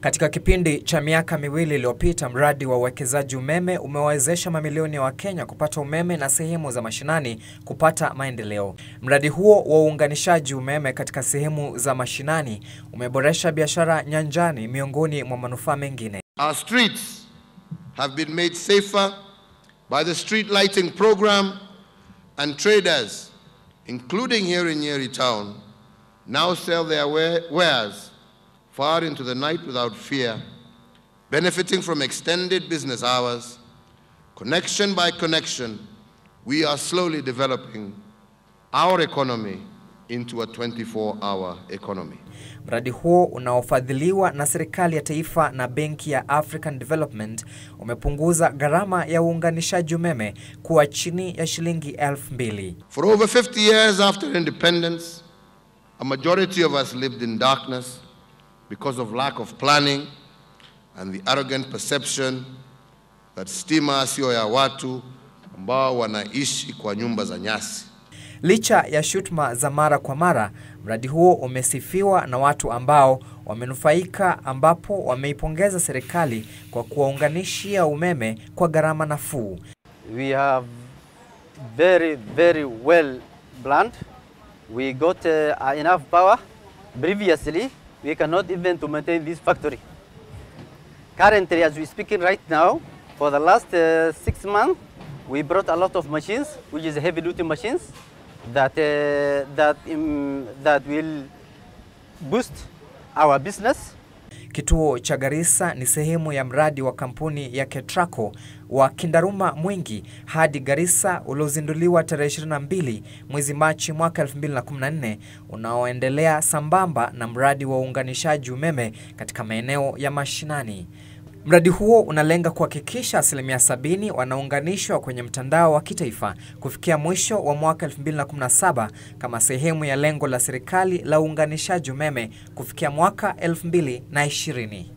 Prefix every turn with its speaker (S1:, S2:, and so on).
S1: Katika kipindi cha miaka miwili iliyopita, mradi wa uwekezaji umeme umewawezesha mamilioni ya wa Wakenya kupata umeme na sehemu za mashinani kupata maendeleo. Mradi huo wa uunganishaji umeme katika sehemu za mashinani umeboresha biashara nyanjani miongoni mwa manufaa mengine.
S2: Our streets have been made safer by the street lighting program and traders including here in Nyeri town now sell their wares far into the night without fear, benefiting from extended business hours, connection by connection, we are slowly developing our economy into a 24-hour economy.
S1: Mradi huo unaofadhiliwa na serikali ya taifa na benki ya African Development umepunguza gharama ya uunganishaji umeme kuwa chini ya shilingi elfu mbili.
S2: For over 50 years after independence, a majority of us lived in darkness because of lack of planning and the arrogant perception that stima sio ya watu ambao wanaishi kwa nyumba za nyasi.
S1: Licha ya shutuma za mara kwa mara, mradi huo umesifiwa na watu ambao wamenufaika, ambapo wameipongeza serikali kwa kuwaunganishia umeme kwa gharama nafuu.
S3: We have very very well planned. We got uh, enough power previously We cannot even to maintain this factory. Currently, as we're speaking right now, for the last uh, six months, we brought a lot of machines, which is heavy-duty machines, that, uh, that, um, that will boost our business
S1: Kituo cha Garissa ni sehemu ya mradi wa kampuni ya KETRACO wa Kindaruma mwingi hadi Garissa uliozinduliwa tarehe 22 mwezi Machi mwaka 2014 unaoendelea sambamba na mradi wa uunganishaji umeme katika maeneo ya mashinani. Mradi huo unalenga kuhakikisha asilimia sabini wanaunganishwa kwenye mtandao wa kitaifa kufikia mwisho wa mwaka 2017 kama sehemu ya lengo la serikali la uunganishaji umeme kufikia mwaka 2020.